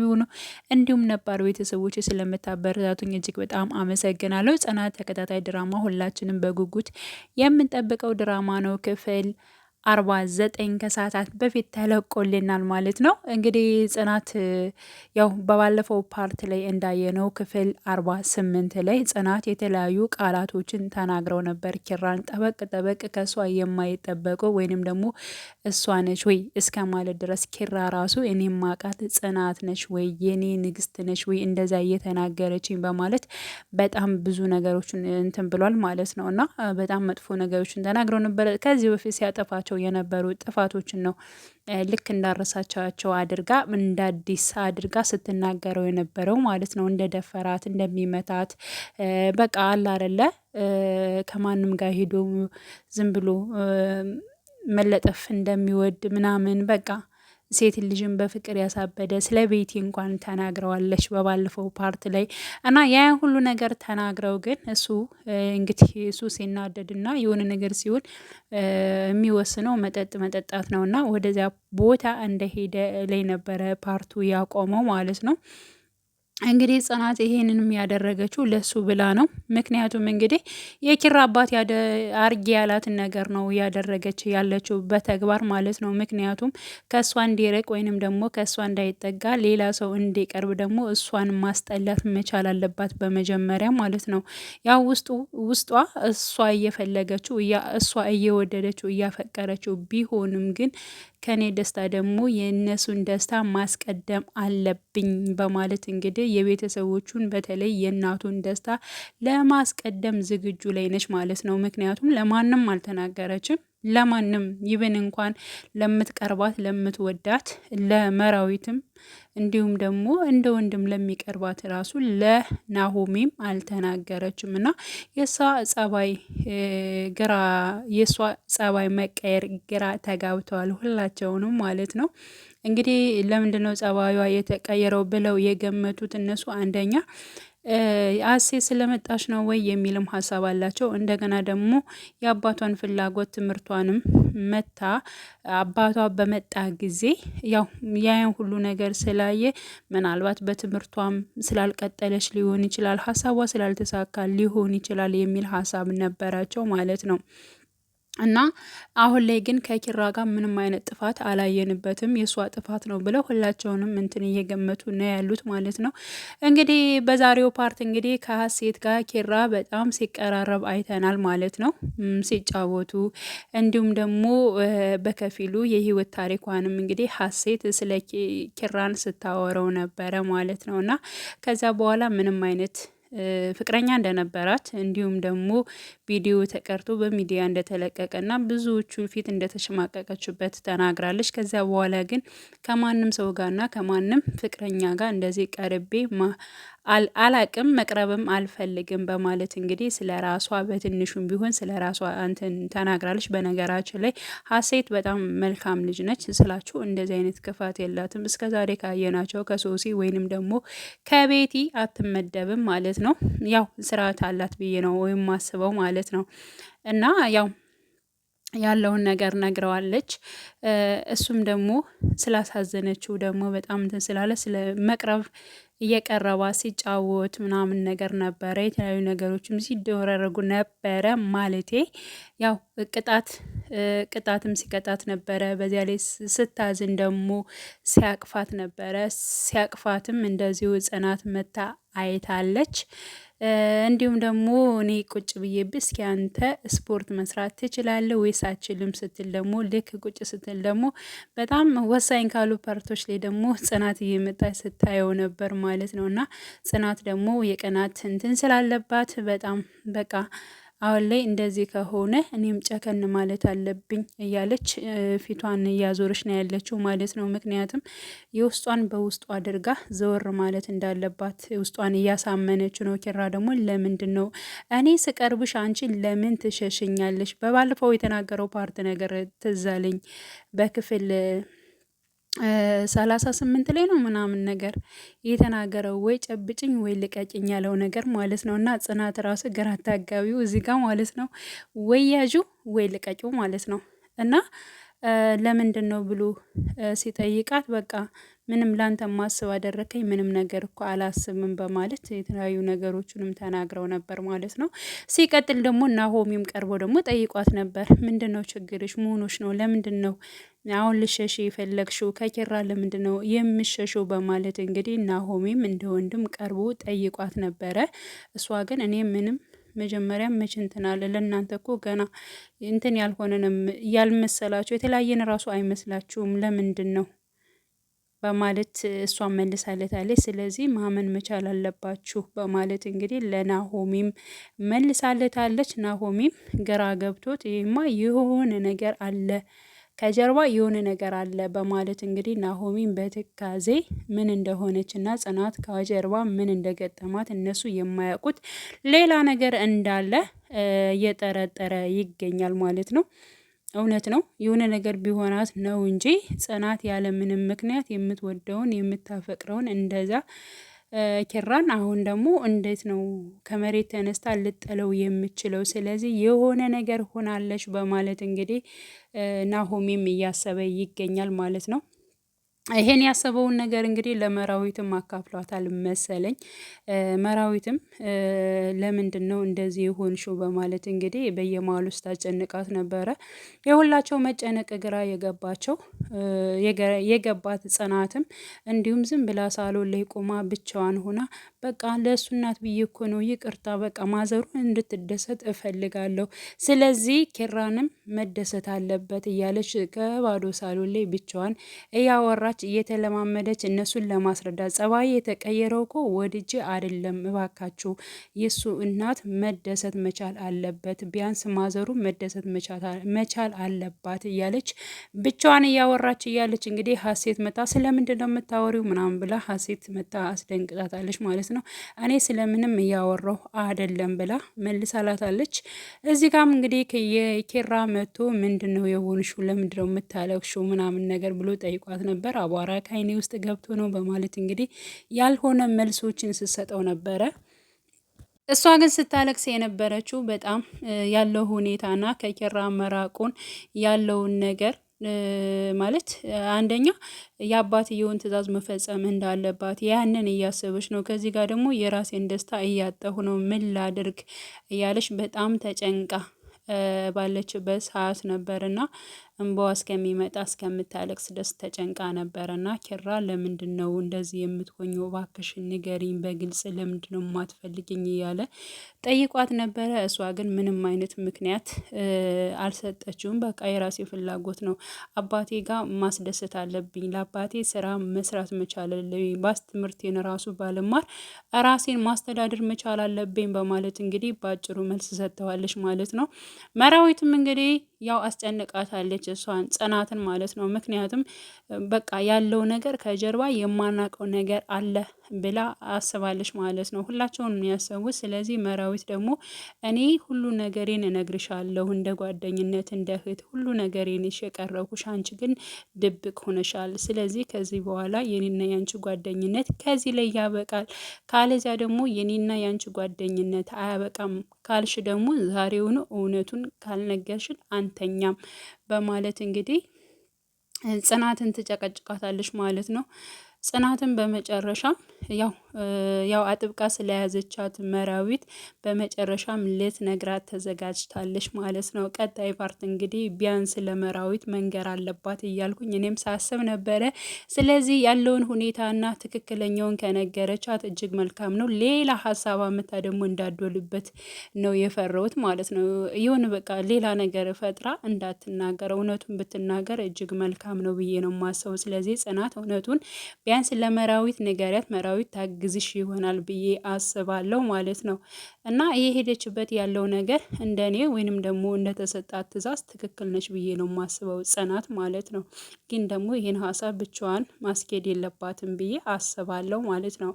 ቢሆኑ እንዲሁም ነባር ቤተሰቦች ስለምታበረታቱኝ እጅግ በጣም አመሰግናለሁ። ጽናት ተከታታይ ድራማ ሁላችንም በጉጉት የምንጠብቀው ድራማ ነው ክፍል አርባ ዘጠኝ ከሰዓታት በፊት ተለቆልናል ማለት ነው። እንግዲህ ጽናት ያው በባለፈው ፓርት ላይ እንዳየነው ክፍል አርባ ስምንት ላይ ጽናት የተለያዩ ቃላቶችን ተናግረው ነበር። ኪራን ጠበቅ ጠበቅ ከእሷ የማይጠበቁ ወይንም ደግሞ እሷ ነች ወይ እስከ ማለት ድረስ ኪራ ራሱ እኔ ማቃት ጽናት ነች ወይ የኔ ንግስት ነች ወይ እንደዛ እየተናገረችኝ በማለት በጣም ብዙ ነገሮችን እንትን ብሏል ማለት ነው። እና በጣም መጥፎ ነገሮችን ተናግረው ነበር ከዚህ በፊት ሲያጠፋቸው ሲሰሯቸው የነበሩ ጥፋቶችን ነው ልክ እንዳረሳቻቸው አድርጋ እንደ አዲስ አድርጋ ስትናገረው የነበረው ማለት ነው። እንደ ደፈራት እንደሚመታት በቃ አላረለ ከማንም ጋር ሄዶ ዝም ብሎ መለጠፍ እንደሚወድ ምናምን በቃ ሴት ልጅን በፍቅር ያሳበደ ስለ ቤቲ እንኳን ተናግረዋለች በባለፈው ፓርት ላይ እና ያ ሁሉ ነገር ተናግረው ግን እሱ እንግዲህ እሱ ሲናደድና የሆነ ነገር ሲሆን የሚወስነው መጠጥ መጠጣት ነው እና ወደዚያ ቦታ እንደሄደ ላይ ነበረ ፓርቱ ያቆመው ማለት ነው። እንግዲህ ጽናት ይሄንንም ያደረገችው ለሱ ብላ ነው። ምክንያቱም እንግዲህ የኪራ አባት አርጌ ያላትን ነገር ነው እያደረገች ያለችው በተግባር ማለት ነው። ምክንያቱም ከእሷ እንዲርቅ ወይንም ደግሞ ከእሷ እንዳይጠጋ ሌላ ሰው እንዲቀርብ ደግሞ እሷን ማስጠላት መቻል አለባት በመጀመሪያ ማለት ነው። ያው ውስጡ ውስጧ እሷ እየፈለገችው እሷ እየወደደችው እያፈቀረችው ቢሆንም ግን ከኔ ደስታ ደግሞ የእነሱን ደስታ ማስቀደም አለብኝ በማለት እንግዲህ የቤተሰቦቹን በተለይ የእናቱን ደስታ ለማስቀደም ዝግጁ ላይ ነች ማለት ነው። ምክንያቱም ለማንም አልተናገረችም። ለማንም ይብን እንኳን ለምትቀርባት ለምትወዳት ለመራዊትም እንዲሁም ደግሞ እንደ ወንድም ለሚቀርባት ራሱ ለናሆሜም አልተናገረችም እና የእሷ ጸባይ ግራ የእሷ ጸባይ መቀየር ግራ ተጋብተዋል ሁላቸውንም ማለት ነው። እንግዲህ ለምንድነው ጸባዩዋ የተቀየረው ብለው የገመቱት እነሱ አንደኛ አሴ ስለመጣች ነው ወይ የሚልም ሀሳብ አላቸው። እንደገና ደግሞ የአባቷን ፍላጎት ትምህርቷንም መታ አባቷ በመጣ ጊዜ ያው ሁሉ ነገር ስላየ ምናልባት በትምህርቷም ስላልቀጠለች ሊሆን ይችላል፣ ሀሳቧ ስላልተሳካ ሊሆን ይችላል የሚል ሀሳብ ነበራቸው ማለት ነው። እና አሁን ላይ ግን ከኪራ ጋር ምንም አይነት ጥፋት አላየንበትም፣ የእሷ ጥፋት ነው ብለው ሁላቸውንም እንትን እየገመቱ ነው ያሉት ማለት ነው። እንግዲህ በዛሬው ፓርት እንግዲህ ከሀሴት ጋር ኪራ በጣም ሲቀራረብ አይተናል ማለት ነው፣ ሲጫወቱ እንዲሁም ደግሞ በከፊሉ የህይወት ታሪኳንም እንግዲህ ሀሴት ስለ ኪራን ስታወረው ነበረ ማለት ነው እና ከዛ በኋላ ምንም አይነት ፍቅረኛ እንደነበራት እንዲሁም ደግሞ ቪዲዮ ተቀርቶ በሚዲያ እንደተለቀቀና ብዙዎቹ ፊት እንደተሸማቀቀችበት ተናግራለች። ከዚያ በኋላ ግን ከማንም ሰው ጋርና ከማንም ፍቅረኛ ጋር እንደዚህ ቀርቤ አላቅም መቅረብም አልፈልግም በማለት እንግዲህ ስለ ራሷ በትንሹም ቢሆን ስለ ራሷ እንትን ተናግራለች። በነገራችን ላይ ሀሴት በጣም መልካም ልጅ ነች ስላችሁ እንደዚህ አይነት ክፋት የላትም። እስከዛሬ ካየናቸው ከሶሲ ወይንም ደግሞ ከቤቲ አትመደብም ማለት ነው። ያው ስርዓት አላት ብዬ ነው ወይም ማስበው ማለት ነው እና ያው ያለውን ነገር ነግረዋለች። እሱም ደግሞ ስላሳዘነችው ደግሞ በጣም እንትን ስላለ ስለ መቅረብ እየቀረባ ሲጫወት ምናምን ነገር ነበረ። የተለያዩ ነገሮችም ሲደረረጉ ነበረ። ማለቴ ያው ቅጣት ቅጣትም ሲቀጣት ነበረ። በዚያ ላይ ስታዝን ደግሞ ሲያቅፋት ነበረ። ሲያቅፋትም እንደዚሁ ጽናት መታ አይታለች። እንዲሁም ደግሞ እኔ ቁጭ ብዬ እስኪ አንተ ስፖርት መስራት ትችላለህ ወይስ አችልም ስትል ደግሞ ልክ ቁጭ ስትል ደግሞ በጣም ወሳኝ ካሉ ፓርቶች ላይ ደግሞ ጽናት እየመጣች ስታየው ነበር ማለት ነው። እና ጽናት ደግሞ የቀናት እንትን ስላለባት በጣም በቃ አሁን ላይ እንደዚህ ከሆነ እኔም ጨከን ማለት አለብኝ እያለች ፊቷን እያዞረች ነው ያለችው ማለት ነው። ምክንያቱም የውስጧን በውስጡ አድርጋ ዘወር ማለት እንዳለባት ውስጧን እያሳመነች ነው። ኪራ ደግሞ ለምንድን ነው እኔ ስቀርብሽ አንቺ ለምን ትሸሽኛለሽ? በባለፈው የተናገረው ፓርት ነገር ትዛለኝ በክፍል ሰላሳ ስምንት ላይ ነው ምናምን ነገር የተናገረው ወይ ጨብጭኝ ወይ ልቀጭኝ ያለው ነገር ማለት ነው። እና ጽናት ራሱ ግራ አጋቢው እዚህ ጋር ማለት ነው። ወይ ያዡ ወይ ልቀቂው ማለት ነው። እና ለምንድን ነው ብሎ ሲጠይቃት በቃ ምንም ላንተ ማስብ አደረከኝ ምንም ነገር እኮ አላስብም በማለት የተለያዩ ነገሮችንም ተናግረው ነበር ማለት ነው። ሲቀጥል ደግሞ ሆሚም ቀርቦ ደግሞ ጠይቋት ነበር። ምንድን ነው ችግርሽ? መሆኖች ነው ለምንድን ነው አሁን ልሸሽ የፈለግሽው ከኪራ ለምንድን ነው የምሸሸው? በማለት እንግዲህ ናሆሜም እንደ ወንድም ቀርቦ ጠይቋት ነበረ። እሷ ግን እኔ ምንም መጀመሪያ መቼ እንትን አለ ለእናንተ እኮ ገና እንትን ያልሆነንም ያልመሰላችሁ የተለያየን ራሱ አይመስላችሁም ለምንድን ነው በማለት እሷ መልሳለታለች። ስለዚህ ማመን መቻል አለባችሁ በማለት እንግዲህ ለናሆሚም መልሳለታለች። ናሆሚም ግራ ገብቶት ይህማ የሆነ ነገር አለ ከጀርባ የሆነ ነገር አለ በማለት እንግዲህ ናሆሚን በትካዜ ምን እንደሆነች እና ጽናት ከጀርባ ምን እንደገጠማት እነሱ የማያውቁት ሌላ ነገር እንዳለ እየጠረጠረ ይገኛል ማለት ነው። እውነት ነው። የሆነ ነገር ቢሆናት ነው እንጂ ጽናት ያለምንም ምክንያት የምትወደውን የምታፈቅረውን እንደዛ ኪራን አሁን ደግሞ እንዴት ነው ከመሬት ተነስታ ልጥለው የምችለው? ስለዚህ የሆነ ነገር ሆናለች በማለት እንግዲህ ናሆሜም እያሰበ ይገኛል ማለት ነው። ይሄን ያሰበውን ነገር እንግዲህ ለመራዊትም አካፍሏታል መሰለኝ። መራዊትም ለምንድን ነው እንደዚህ የሆንሽው በማለት እንግዲህ በየማሉ ውስጥ አጨንቃት ነበረ። የሁላቸው መጨነቅ ግራ የገባቸው የገባት ጽናትም እንዲሁም ዝም ብላ ሳሎን ላይ ቆማ ብቻዋን ሆና በቃ ለእሱ እናት ብዬ እኮ ነው ይቅርታ፣ በቃ ማዘሩ እንድትደሰት እፈልጋለሁ። ስለዚህ ኪራንም መደሰት አለበት እያለች ከባዶ ሳሎን ላይ ብቻዋን እያወራች እየተለማመደች እነሱን ለማስረዳት ጸባይ የተቀየረው እኮ ወድጄ አይደለም፣ እባካችሁ የእሱ እናት መደሰት መቻል አለበት፣ ቢያንስ ማዘሩ መደሰት መቻል አለባት እያለች ብቻዋን እያወራች እያለች እንግዲህ ሀሴት መታ ስለምንድን ነው የምታወሪው ምናምን ብላ ሀሴት መታ አስደንቅጣታለች ማለት ነው። ነው። እኔ ስለምንም እያወራሁ አደለም ብላ መልሳላታለች። እዚህ ጋም እንግዲህ የኬራ መቶ ምንድን ነው የሆንሽው? ለምንድነው ነው የምታለቅሽው? ምናምን ነገር ብሎ ጠይቋት ነበር። አቧራ ከአይኔ ውስጥ ገብቶ ነው በማለት እንግዲህ ያልሆነ መልሶችን ስትሰጠው ነበረ። እሷ ግን ስታለቅስ የነበረችው በጣም ያለው ሁኔታና ከኬራ መራቁን ያለውን ነገር ማለት አንደኛ የአባትየውን ትዕዛዝ መፈጸም እንዳለባት ያንን እያሰበች ነው። ከዚህ ጋር ደግሞ የራሴን ደስታ እያጠሁ ነው፣ ምን ላድርግ እያለች በጣም ተጨንቃ ባለችበት ሰዓት ነበር እና እንባዋ እስከሚመጣ እስከምታለቅስ ድረስ ተጨንቃ እና ኪራ ለምንድን ነው እንደዚህ የምትሆኘው? እባክሽን ንገሪኝ በግልጽ ለምንድን ነው የማትፈልግኝ? እያለ ጠይቋት ነበረ። እሷ ግን ምንም አይነት ምክንያት አልሰጠችውም። በቃ የራሴ ፍላጎት ነው፣ አባቴ ጋር ማስደሰት አለብኝ፣ ለአባቴ ስራ መስራት መቻል አለብኝ፣ ባስ ትምህርቴን ራሱ ባልማር ራሴን ማስተዳደር መቻል አለብኝ በማለት እንግዲህ በአጭሩ መልስ ሰጥተዋለች ማለት ነው። መራዊትም እንግዲህ ያው አስጨንቃታለች እሷን ጽናትን ማለት ነው። ምክንያቱም በቃ ያለው ነገር ከጀርባ የማናውቀው ነገር አለ ብላ አስባለች ማለት ነው። ሁላቸውን የሚያሰቡ ስለዚህ መራዊት ደግሞ እኔ ሁሉ ነገሬን እነግርሻለሁ፣ እንደ ጓደኝነት፣ እንደ እህት ሁሉ ነገሬን የቀረብኩሽ፣ አንቺ ግን ድብቅ ሆነሻል። ስለዚህ ከዚህ በኋላ የኔና የአንቺ ጓደኝነት ከዚህ ላይ ያበቃል። ካለዚያ ደግሞ የኔና የአንቺ ጓደኝነት አያበቃም ካልሽ ደግሞ ዛሬውኑ እውነቱን ካልነገርሽን አንተኛም በማለት እንግዲህ ጽናትን ትጨቀጭቃታለች ማለት ነው። ጽናትን በመጨረሻ ያው ያው አጥብቃ ስለያዘቻት መራዊት በመጨረሻም ልትነግራት ተዘጋጅታለች ማለት ነው። ቀጣይ ፓርት እንግዲህ ቢያንስ ለመራዊት መንገር አለባት እያልኩኝ እኔም ሳስብ ነበረ። ስለዚህ ያለውን ሁኔታና ትክክለኛውን ከነገረቻት እጅግ መልካም ነው። ሌላ ሀሳብ አመታ ደግሞ እንዳዶልበት ነው የፈረውት ማለት ነው። ይሁን በቃ ሌላ ነገር ፈጥራ እንዳትናገር እውነቱን ብትናገር እጅግ መልካም ነው ብዬ ነው ማሰቡ። ስለዚህ ጽናት እውነቱን ቢያንስ ለመራዊት ንገሪያት መራዊት የሚያግዝሽ ይሆናል ብዬ አስባለሁ ማለት ነው። እና የሄደችበት ያለው ነገር እንደኔ ወይንም ደግሞ እንደተሰጣት ትዕዛዝ ትክክል ነች ብዬ ነው የማስበው ጽናት ማለት ነው። ግን ደግሞ ይህን ሀሳብ ብቻዋን ማስኬድ የለባትም ብዬ አስባለሁ ማለት ነው።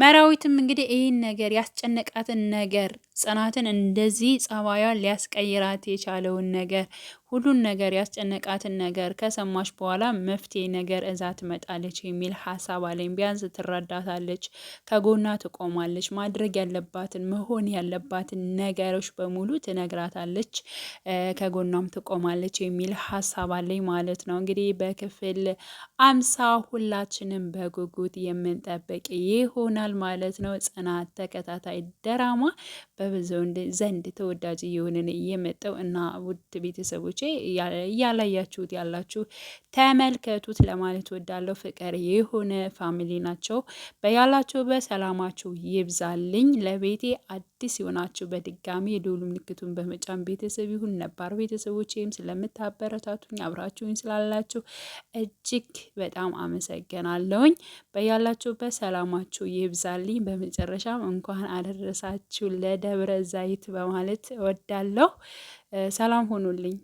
መራዊትም እንግዲህ ይህን ነገር ያስጨነቃትን ነገር ጽናትን እንደዚህ ጸባያን ሊያስቀይራት የቻለውን ነገር ሁሉን ነገር ያስጨነቃትን ነገር ከሰማች በኋላ መፍትሄ ነገር እዛ ትመጣለች የሚል ሀሳብ አለኝ። ቢያንስ ትረዳታለች፣ ከጎና ትቆማለች። ማድረግ ያለባትን መሆን ያለባትን ነገሮች በሙሉ ትነግራታለች፣ ከጎኗም ትቆማለች የሚል ሀሳብ አለኝ ማለት ነው። እንግዲህ በክፍል አምሳ ሁላችንም በጉጉት የምንጠብቅ ይሆናል ማለት ነው። ጽናት ተከታታይ ድራማ በብዙውን ዘንድ ተወዳጅ እየሆንን እየመጠው እና ውድ ቤተሰቦቼ እያላያችሁት ያላችሁ ተመልከቱት ለማለት ወዳለው ፍቅር የሆነ ፋሚሊ ናቸው። በያላችሁ በሰላማችሁ ይብዛልኝ። ለቤቴ አዲስ የሆናችሁ በድጋሚ የደወሉ ምልክቱን በመጫን ቤተሰብ ይሁን ነባር ቤተሰቦቼም ስለምታበረታቱኝ አብራችሁኝ ስላላችሁ እጅግ በጣም አመሰግናለሁኝ። በያላችሁ በሰላማችሁ ይብዛልኝ። በመጨረሻም እንኳን አደረሳችሁ ለደ ህብረ ዛይት በማለት እወዳለሁ። ሰላም ሆኑልኝ።